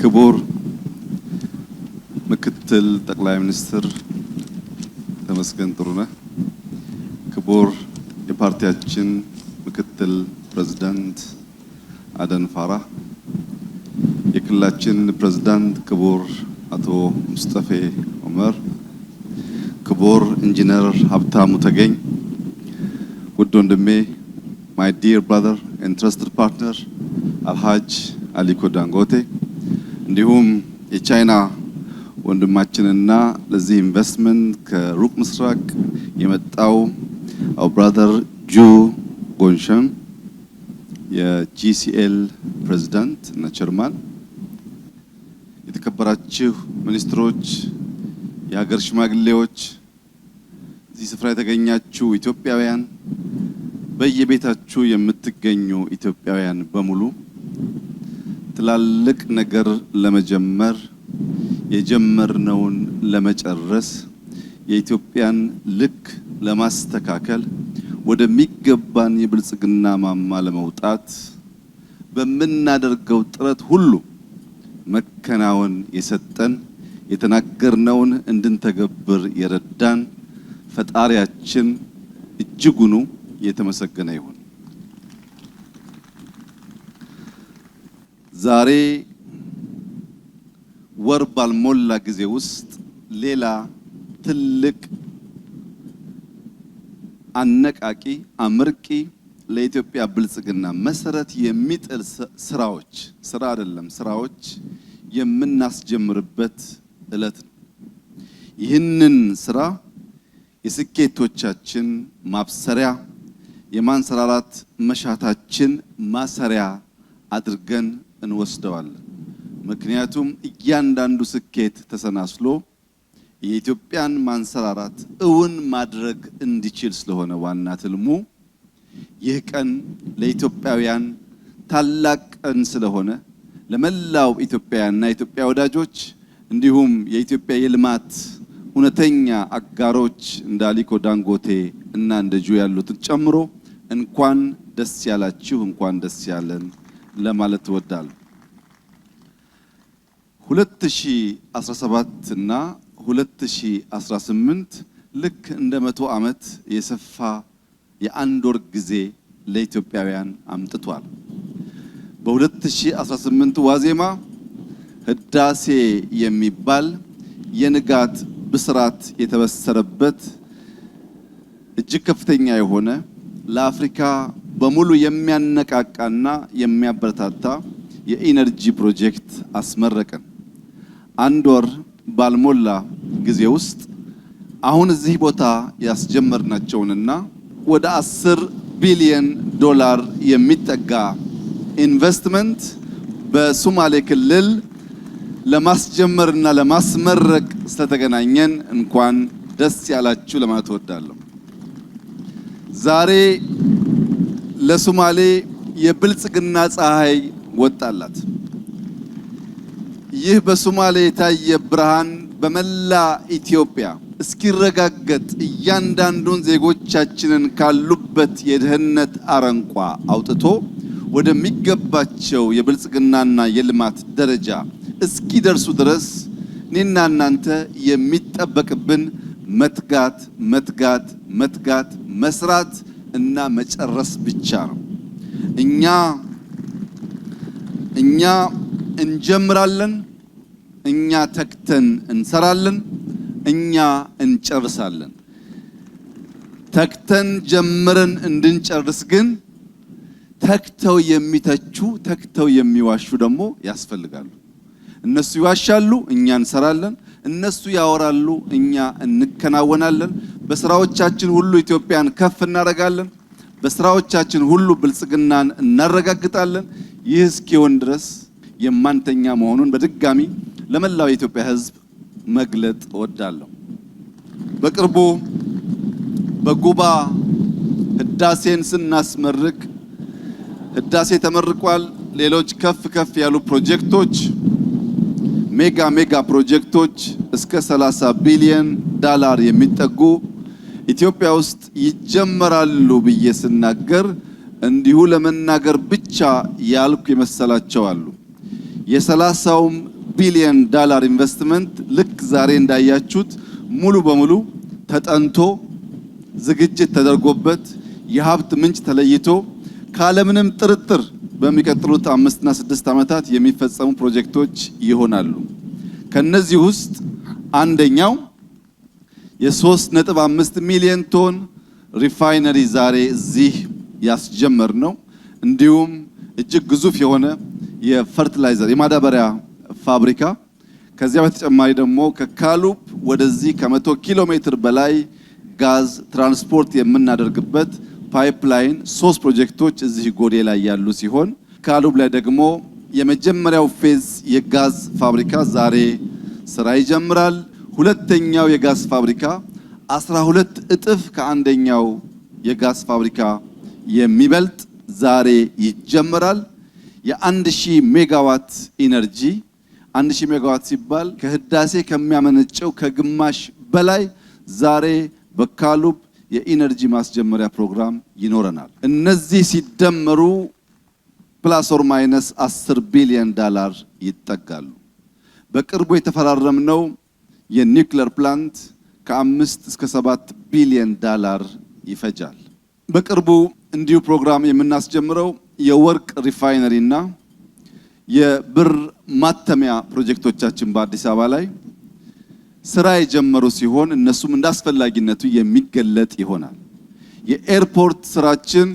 ክቡር ምክትል ጠቅላይ ሚኒስትር ተመስገን ጥሩነህ፣ ክቡር የፓርቲያችን ምክትል ፕሬዝዳንት አደም ፋራ፣ የክልላችን ፕሬዝዳንት ክቡር አቶ ሙስጠፌ ዑመር፣ ክቡር ኢንጂነር ሀብታሙ ተገኝ፣ ውድ ወንድሜ ማይ ዲር ብራዘር ኢንትረስትድ ፓርትነር አልሃጅ አሊኮ ዳንጎቴ እንዲሁም የቻይና ወንድማችንና ለዚህ ኢንቨስትመንት ከሩቅ ምስራቅ የመጣው አው ብራዘር ጁ ጎንሸን የጂሲኤል ፕሬዚዳንት እና ቸርማን፣ የተከበራችሁ ሚኒስትሮች፣ የሀገር ሽማግሌዎች፣ እዚህ ስፍራ የተገኛችሁ ኢትዮጵያውያን፣ በየቤታችሁ የምትገኙ ኢትዮጵያውያን በሙሉ ትላልቅ ነገር ለመጀመር የጀመርነውን ለመጨረስ የኢትዮጵያን ልክ ለማስተካከል ወደሚገባን የብልጽግና ማማ ለመውጣት በምናደርገው ጥረት ሁሉ መከናወን የሰጠን የተናገርነውን እንድንተገብር የረዳን ፈጣሪያችን እጅጉኑ የተመሰገነ ይሁን። ዛሬ ወር ባልሞላ ጊዜ ውስጥ ሌላ ትልቅ አነቃቂ አምርቂ ለኢትዮጵያ ብልጽግና መሰረት የሚጥል ስራዎች ስራ አይደለም ስራዎች የምናስጀምርበት እለት ነው። ይህንን ስራ የስኬቶቻችን ማብሰሪያ የማንሰራራት መሻታችን ማሰሪያ አድርገን እንወስደዋለን። ምክንያቱም እያንዳንዱ ስኬት ተሰናስሎ የኢትዮጵያን ማንሰራራት እውን ማድረግ እንዲችል ስለሆነ ዋና ትልሙ ይህ ቀን ለኢትዮጵያውያን ታላቅ ቀን ስለሆነ ለመላው ኢትዮጵያውያንና ኢትዮጵያ ወዳጆች እንዲሁም የኢትዮጵያ የልማት እውነተኛ አጋሮች እንደ አሊኮ ዳንጎቴ እና እንደ ጁ ያሉትን ጨምሮ እንኳን ደስ ያላችሁ፣ እንኳን ደስ ያለን። ለማለት እወዳለሁ። 2017 እና 2018 ልክ እንደ መቶ ዓመት የሰፋ የአንድ ወር ጊዜ ለኢትዮጵያውያን አምጥቷል። በ2018 ዋዜማ ህዳሴ የሚባል የንጋት ብስራት የተበሰረበት እጅግ ከፍተኛ የሆነ ለአፍሪካ በሙሉ የሚያነቃቃና የሚያበረታታ የኢነርጂ ፕሮጀክት አስመረቅን። አንድ ወር ባልሞላ ጊዜ ውስጥ አሁን እዚህ ቦታ ያስጀመርናቸውንና ወደ አስር ቢሊየን ዶላር የሚጠጋ ኢንቨስትመንት በሶማሌ ክልል ለማስጀመርና ለማስመረቅ ስለተገናኘን እንኳን ደስ ያላችሁ ለማለት እወዳለሁ። ዛሬ ለሶማሌ የብልጽግና ፀሐይ ወጣላት። ይህ በሶማሌ የታየ ብርሃን በመላ ኢትዮጵያ እስኪረጋገጥ እያንዳንዱን ዜጎቻችንን ካሉበት የድህነት አረንቋ አውጥቶ ወደሚገባቸው የብልጽግናና የልማት ደረጃ እስኪደርሱ ድረስ እኔና እናንተ የሚጠበቅብን መትጋት መትጋት መትጋት መስራት እና መጨረስ ብቻ ነው። እኛ እኛ እንጀምራለን፣ እኛ ተክተን እንሰራለን፣ እኛ እንጨርሳለን። ተክተን ጀምረን እንድንጨርስ ግን ተክተው የሚተቹ ተክተው የሚዋሹ ደግሞ ያስፈልጋሉ። እነሱ ይዋሻሉ፣ እኛ እንሰራለን። እነሱ ያወራሉ፣ እኛ እንከናወናለን። በስራዎቻችን ሁሉ ኢትዮጵያን ከፍ እናደርጋለን። በስራዎቻችን ሁሉ ብልጽግናን እናረጋግጣለን። ይህ እስኪሆን ድረስ የማንተኛ መሆኑን በድጋሚ ለመላው የኢትዮጵያ ሕዝብ መግለጥ እወዳለሁ። በቅርቡ በጉባ ህዳሴን ስናስመርቅ ህዳሴ ተመርቋል። ሌሎች ከፍ ከፍ ያሉ ፕሮጀክቶች ሜጋ ሜጋ ፕሮጀክቶች እስከ 30 ቢሊዮን ዳላር የሚጠጉ ኢትዮጵያ ውስጥ ይጀመራሉ ብዬ ስናገር እንዲሁ ለመናገር ብቻ ያልኩ የመሰላቸው አሉ። የሰላሳውም ቢሊዮን ዳላር ኢንቨስትመንት ልክ ዛሬ እንዳያችሁት ሙሉ በሙሉ ተጠንቶ ዝግጅት ተደርጎበት የሀብት ምንጭ ተለይቶ ካለምንም ጥርጥር በሚቀጥሉት አምስትና ስድስት ዓመታት የሚፈጸሙ ፕሮጀክቶች ይሆናሉ። ከነዚህ ውስጥ አንደኛው የ3.5 ሚሊዮን ቶን ሪፋይነሪ ዛሬ እዚህ ያስጀመር ነው። እንዲሁም እጅግ ግዙፍ የሆነ የፈርትላይዘር የማዳበሪያ ፋብሪካ ከዚያ በተጨማሪ ደግሞ ከካሉብ ወደዚህ ከመቶ ኪሎ ሜትር በላይ ጋዝ ትራንስፖርት የምናደርግበት ፓይፕላይን ሶስት ፕሮጀክቶች እዚህ ጎዴ ላይ ያሉ ሲሆን ካሉብ ላይ ደግሞ የመጀመሪያው ፌዝ የጋዝ ፋብሪካ ዛሬ ስራ ይጀምራል። ሁለተኛው የጋዝ ፋብሪካ 12 እጥፍ ከአንደኛው የጋዝ ፋብሪካ የሚበልጥ ዛሬ ይጀመራል። የ1000 ሜጋዋት ኢነርጂ 1000 ሜጋዋት ሲባል ከህዳሴ ከሚያመነጨው ከግማሽ በላይ ዛሬ በካሉብ የኢነርጂ ማስጀመሪያ ፕሮግራም ይኖረናል። እነዚህ ሲደመሩ ፕላስ ኦር ማይነስ 10 ቢሊዮን ዳላር ይጠጋሉ። በቅርቡ የተፈራረምነው የኒውክለር ፕላንት ከአምስት እስከ ሰባት ቢሊዮን ዳላር ይፈጃል። በቅርቡ እንዲሁ ፕሮግራም የምናስጀምረው የወርቅ ሪፋይነሪ እና የብር ማተሚያ ፕሮጀክቶቻችን በአዲስ አበባ ላይ ስራ የጀመሩ ሲሆን እነሱም እንደ አስፈላጊነቱ የሚገለጥ ይሆናል። የኤርፖርት ስራችን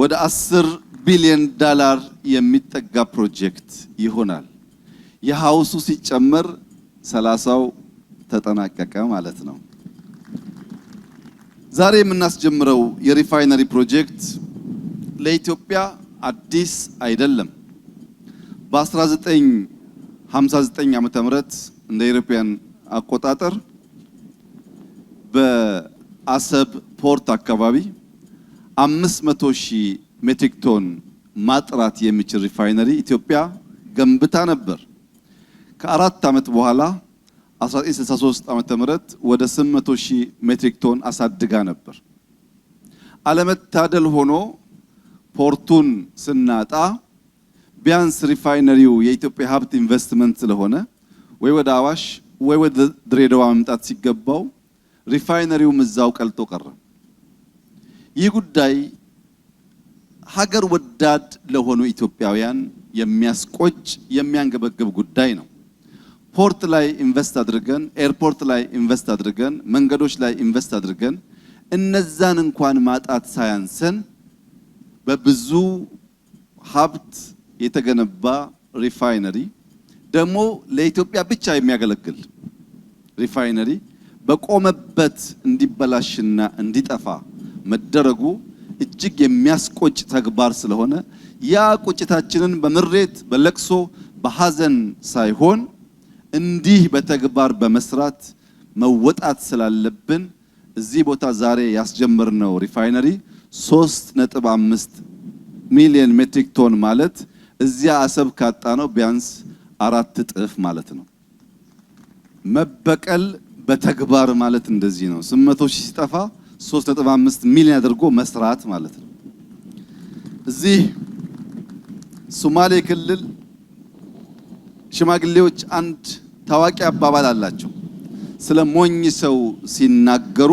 ወደ አስር ቢሊዮን ዳላር የሚጠጋ ፕሮጀክት ይሆናል። የሀውሱ ሲጨመር ሰላሳው ተጠናቀቀ ማለት ነው። ዛሬ የምናስጀምረው የሪፋይነሪ ፕሮጀክት ለኢትዮጵያ አዲስ አይደለም። በ1959 ዓመተ ምህረት እንደ ኢሮፓያን አቆጣጠር በአሰብ ፖርት አካባቢ 500 ሺህ ሜትሪክ ቶን ማጥራት የሚችል ሪፋይነሪ ኢትዮጵያ ገንብታ ነበር። ከአራት ዓመት በኋላ 1963 ዓመተ ምህረት ወደ 800 ሺህ ሜትሪክ ቶን አሳድጋ ነበር። አለመታደል ሆኖ ፖርቱን ስናጣ ቢያንስ ሪፋይነሪው የኢትዮጵያ ሀብት ኢንቨስትመንት ስለሆነ ወይ ወደ አዋሽ ወይ ወደ ድሬዳዋ መምጣት ሲገባው ሪፋይነሪውም እዛው ቀልጦ ቀረ። ይህ ጉዳይ ሀገር ወዳድ ለሆኑ ኢትዮጵያውያን የሚያስቆጭ የሚያንገበግብ ጉዳይ ነው። ፖርት ላይ ኢንቨስት አድርገን ኤርፖርት ላይ ኢንቨስት አድርገን መንገዶች ላይ ኢንቨስት አድርገን እነዛን እንኳን ማጣት ሳያንሰን በብዙ ሀብት የተገነባ ሪፋይነሪ ደግሞ ለኢትዮጵያ ብቻ የሚያገለግል ሪፋይነሪ በቆመበት እንዲበላሽና እንዲጠፋ መደረጉ እጅግ የሚያስቆጭ ተግባር ስለሆነ ያ ቁጭታችንን በምሬት፣ በለቅሶ፣ በሐዘን ሳይሆን እንዲህ በተግባር በመስራት መወጣት ስላለብን እዚህ ቦታ ዛሬ ያስጀመርነው ሪፋይነሪ 3.5 ሚሊዮን ሜትሪክ ቶን ማለት እዚያ አሰብ ካጣ ነው ቢያንስ አራት እጥፍ ማለት ነው። መበቀል በተግባር ማለት እንደዚህ ነው። 800 ሺህ ሲጠፋ 3.5 ሚሊዮን አድርጎ መስራት ማለት ነው። እዚህ ሶማሌ ክልል ሽማግሌዎች አንድ ታዋቂ አባባል አላቸው። ስለ ሞኝ ሰው ሲናገሩ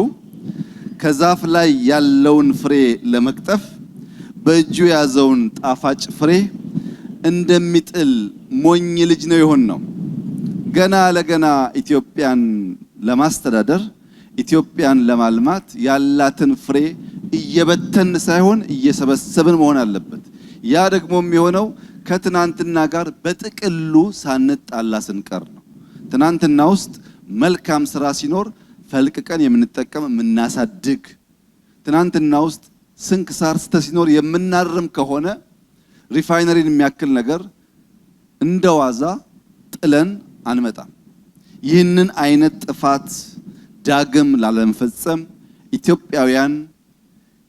ከዛፍ ላይ ያለውን ፍሬ ለመቅጠፍ በእጁ የያዘውን ጣፋጭ ፍሬ እንደሚጥል ሞኝ ልጅ ነው ይሆን ነው። ገና ለገና ኢትዮጵያን ለማስተዳደር ኢትዮጵያን ለማልማት ያላትን ፍሬ እየበተን ሳይሆን እየሰበሰብን መሆን አለበት። ያ ደግሞ የሚሆነው ከትናንትና ጋር በጥቅሉ ሳንጣላ ስንቀር ነው። ትናንትና ውስጥ መልካም ስራ ሲኖር ፈልቅቀን የምንጠቀም የምናሳድግ፣ ትናንትና ውስጥ ስንክሳር ስተ ሲኖር የምናርም ከሆነ ሪፋይነሪን የሚያክል ነገር እንደዋዛ ጥለን አንመጣም። ይህንን አይነት ጥፋት ዳግም ላለመፈጸም ኢትዮጵያውያን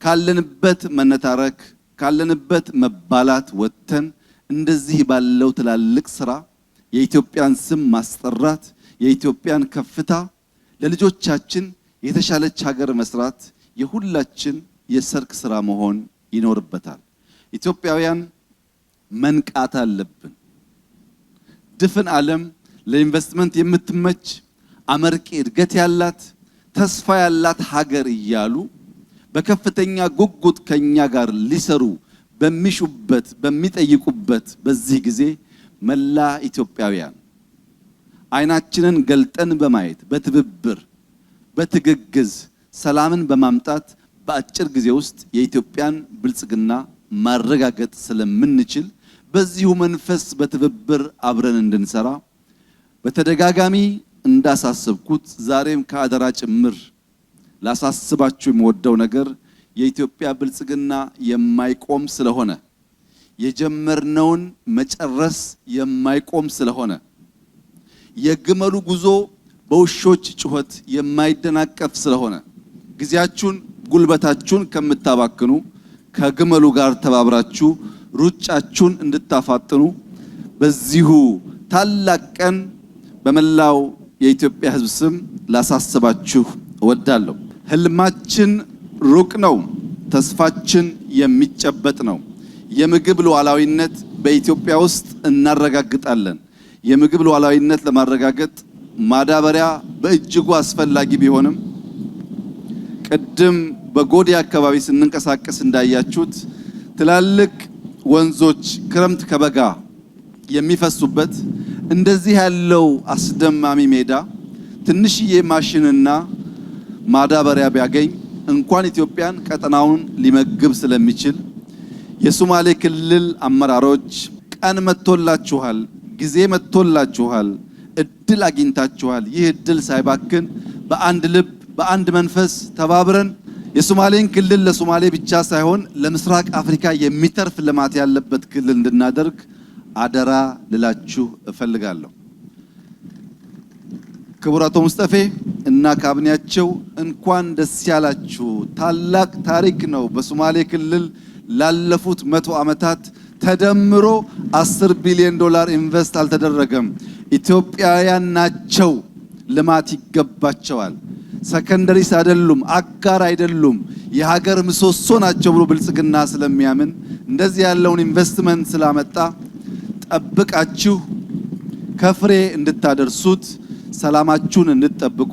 ካለንበት መነታረክ ካለንበት መባላት ወጥተን እንደዚህ ባለው ትላልቅ ስራ የኢትዮጵያን ስም ማስጠራት፣ የኢትዮጵያን ከፍታ ለልጆቻችን የተሻለች ሀገር መስራት የሁላችን የሰርክ ስራ መሆን ይኖርበታል። ኢትዮጵያውያን መንቃት አለብን። ድፍን ዓለም ለኢንቨስትመንት የምትመች አመርቂ እድገት ያላት ተስፋ ያላት ሀገር እያሉ በከፍተኛ ጉጉት ከኛ ጋር ሊሰሩ በሚሹበት በሚጠይቁበት በዚህ ጊዜ መላ ኢትዮጵያውያን አይናችንን ገልጠን በማየት በትብብር በትግግዝ ሰላምን በማምጣት በአጭር ጊዜ ውስጥ የኢትዮጵያን ብልጽግና ማረጋገጥ ስለምንችል በዚሁ መንፈስ በትብብር አብረን እንድንሰራ በተደጋጋሚ እንዳሳስብኩት ዛሬም ከአደራ ጭምር ላሳስባችሁ የምወደው ነገር የኢትዮጵያ ብልጽግና የማይቆም ስለሆነ የጀመርነውን መጨረስ የማይቆም ስለሆነ የግመሉ ጉዞ በውሾች ጩኸት የማይደናቀፍ ስለሆነ ጊዜያችሁን፣ ጉልበታችሁን ከምታባክኑ ከግመሉ ጋር ተባብራችሁ ሩጫችሁን እንድታፋጥኑ በዚሁ ታላቅ ቀን በመላው የኢትዮጵያ ሕዝብ ስም ላሳስባችሁ እወዳለሁ። ህልማችን ሩቅ ነው፣ ተስፋችን የሚጨበጥ ነው። የምግብ ሉዓላዊነት በኢትዮጵያ ውስጥ እናረጋግጣለን። የምግብ ሉዓላዊነት ለማረጋገጥ ማዳበሪያ በእጅጉ አስፈላጊ ቢሆንም ቅድም በጎዴ አካባቢ ስንንቀሳቀስ እንዳያችሁት ትላልቅ ወንዞች ክረምት ከበጋ የሚፈሱበት እንደዚህ ያለው አስደማሚ ሜዳ ትንሽዬ ማሽንና ማዳበሪያ ቢያገኝ እንኳን ኢትዮጵያን ቀጠናውን ሊመግብ ስለሚችል የሶማሌ ክልል አመራሮች ቀን መጥቶላችኋል፣ ጊዜ መጥቶላችኋል፣ እድል አግኝታችኋል። ይህ እድል ሳይባክን በአንድ ልብ በአንድ መንፈስ ተባብረን የሶማሌን ክልል ለሶማሌ ብቻ ሳይሆን ለምስራቅ አፍሪካ የሚተርፍ ልማት ያለበት ክልል እንድናደርግ አደራ ልላችሁ እፈልጋለሁ። ክቡር አቶ ሙስጠፌ እና ካቢኔያቸው እንኳን ደስ ያላችሁ። ታላቅ ታሪክ ነው በሶማሌ ክልል ላለፉት መቶ ዓመታት ተደምሮ 10 ቢሊዮን ዶላር ኢንቨስት አልተደረገም። ኢትዮጵያውያን ናቸው፣ ልማት ይገባቸዋል። ሰከንደሪስ አይደሉም፣ አጋር አይደሉም፣ የሀገር ምሰሶ ናቸው ብሎ ብልጽግና ስለሚያምን እንደዚህ ያለውን ኢንቨስትመንት ስላመጣ ጠብቃችሁ ከፍሬ እንድታደርሱት ሰላማችሁን እንድትጠብቁ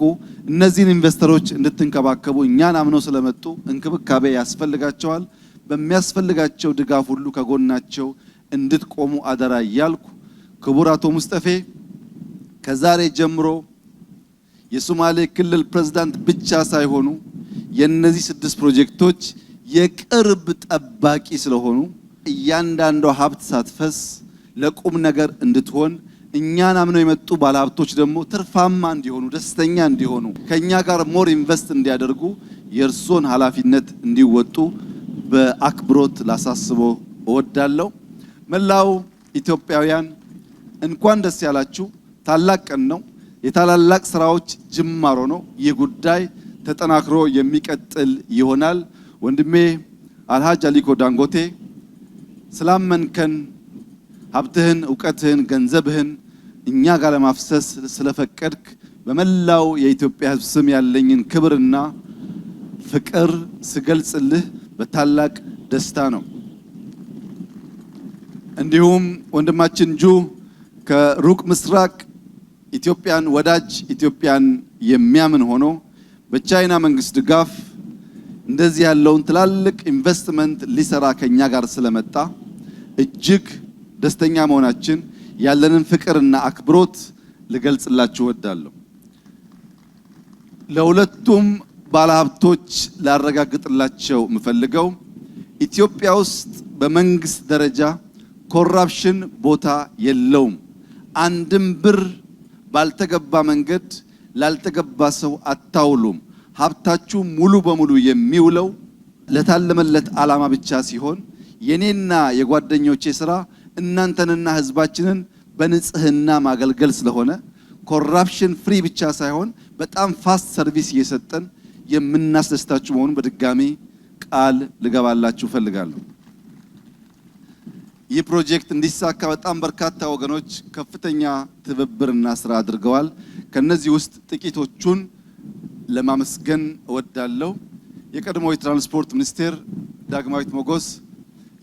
እነዚህን ኢንቨስተሮች እንድትንከባከቡ እኛን አምነው ስለመጡ እንክብካቤ ያስፈልጋቸዋል። በሚያስፈልጋቸው ድጋፍ ሁሉ ከጎናቸው እንድትቆሙ አደራ እያልኩ ክቡር አቶ ሙስጠፌ ከዛሬ ጀምሮ የሶማሌ ክልል ፕሬዝዳንት ብቻ ሳይሆኑ የነዚህ ስድስት ፕሮጀክቶች የቅርብ ጠባቂ ስለሆኑ እያንዳንዷ ሀብት ሳትፈስ ለቁም ነገር እንድትሆን እኛን አምነው የመጡ ባለሀብቶች ደግሞ ትርፋማ እንዲሆኑ ደስተኛ እንዲሆኑ ከእኛ ጋር ሞር ኢንቨስት እንዲያደርጉ የእርስን ኃላፊነት እንዲወጡ በአክብሮት ላሳስቦ እወዳለሁ። መላው ኢትዮጵያውያን እንኳን ደስ ያላችሁ። ታላቅ ቀን ነው። የታላላቅ ስራዎች ጅማሮ ነው። ይህ ጉዳይ ተጠናክሮ የሚቀጥል ይሆናል። ወንድሜ አልሃጅ አሊኮ ዳንጎቴ ስላመንከን፣ ሀብትህን፣ እውቀትህን፣ ገንዘብህን እኛ ጋር ለማፍሰስ ስለፈቀድክ በመላው የኢትዮጵያ ሕዝብ ስም ያለኝን ክብርና ፍቅር ስገልጽልህ በታላቅ ደስታ ነው። እንዲሁም ወንድማችን ጁ ከሩቅ ምስራቅ ኢትዮጵያን ወዳጅ ኢትዮጵያን የሚያምን ሆኖ በቻይና መንግስት ድጋፍ እንደዚህ ያለውን ትላልቅ ኢንቨስትመንት ሊሰራ ከኛ ጋር ስለመጣ እጅግ ደስተኛ መሆናችን ያለንን ፍቅርና አክብሮት ልገልጽላችሁ እወዳለሁ። ለሁለቱም ባለሀብቶች ላረጋግጥላቸው የምፈልገው ኢትዮጵያ ውስጥ በመንግስት ደረጃ ኮራፕሽን ቦታ የለውም። አንድም ብር ባልተገባ መንገድ ላልተገባ ሰው አታውሉም። ሀብታችሁ ሙሉ በሙሉ የሚውለው ለታለመለት ዓላማ ብቻ ሲሆን የኔና የጓደኞቼ ስራ እናንተንና ህዝባችንን በንጽህና ማገልገል ስለሆነ ኮራፕሽን ፍሪ ብቻ ሳይሆን በጣም ፋስት ሰርቪስ እየሰጠን የምናስደስታችሁ መሆኑን በድጋሚ ቃል ልገባላችሁ እፈልጋለሁ። ይህ ፕሮጀክት እንዲሳካ በጣም በርካታ ወገኖች ከፍተኛ ትብብርና ስራ አድርገዋል። ከነዚህ ውስጥ ጥቂቶቹን ለማመስገን እወዳለሁ። የቀድሞ የትራንስፖርት ሚኒስቴር ዳግማዊት ሞጎስ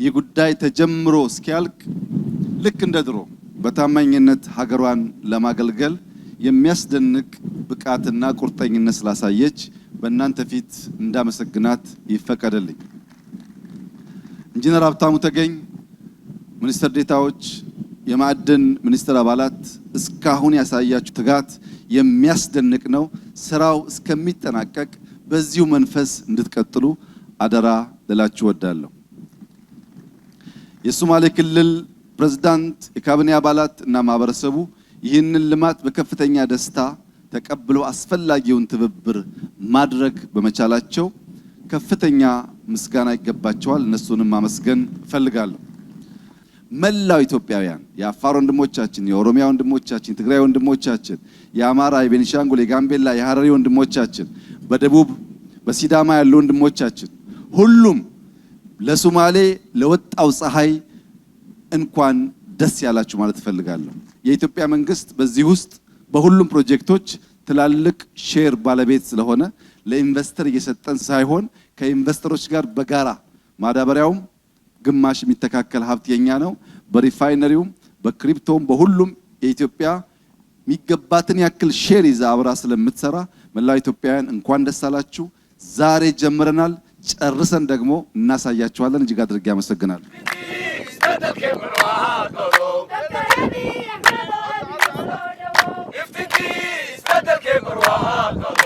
ይህ ጉዳይ ተጀምሮ እስኪያልቅ ልክ እንደ ድሮ በታማኝነት ሀገሯን ለማገልገል የሚያስደንቅ ብቃትና ቁርጠኝነት ስላሳየች በእናንተ ፊት እንዳመሰግናት ይፈቀደልኝ። ኢንጂነር ሀብታሙ ተገኝ፣ ሚኒስትር ዴታዎች፣ የማዕድን ሚኒስትር አባላት እስካሁን ያሳያችሁ ትጋት የሚያስደንቅ ነው። ስራው እስከሚጠናቀቅ በዚሁ መንፈስ እንድትቀጥሉ አደራ ልላችሁ እወዳለሁ። የሶማሌ ክልል ፕሬዝዳንት፣ የካቢኔ አባላት እና ማህበረሰቡ ይህንን ልማት በከፍተኛ ደስታ ተቀብለው አስፈላጊውን ትብብር ማድረግ በመቻላቸው ከፍተኛ ምስጋና ይገባቸዋል። እነሱንም ማመስገን እፈልጋለሁ። መላው ኢትዮጵያውያን የአፋር ወንድሞቻችን፣ የኦሮሚያ ወንድሞቻችን፣ የትግራይ ወንድሞቻችን፣ የአማራ፣ የቤኒሻንጉል፣ የጋምቤላ፣ የሀረሪ ወንድሞቻችን፣ በደቡብ በሲዳማ ያሉ ወንድሞቻችን ሁሉም ለሶማሌ ለወጣው ፀሐይ እንኳን ደስ ያላችሁ ማለት እፈልጋለሁ። የኢትዮጵያ መንግስት በዚህ ውስጥ በሁሉም ፕሮጀክቶች ትላልቅ ሼር ባለቤት ስለሆነ ለኢንቨስተር እየሰጠን ሳይሆን ከኢንቨስተሮች ጋር በጋራ ማዳበሪያውም ግማሽ የሚተካከል ሀብት የኛ ነው። በሪፋይነሪውም፣ በክሪፕቶም በሁሉም የኢትዮጵያ የሚገባትን ያክል ሼር ይዛ አብራ ስለምትሰራ መላው ኢትዮጵያውያን እንኳን ደስ አላችሁ። ዛሬ ጀምረናል፣ ጨርሰን ደግሞ እናሳያችኋለን። እጅግ አድርጌ አመሰግናለሁ። Mahatma.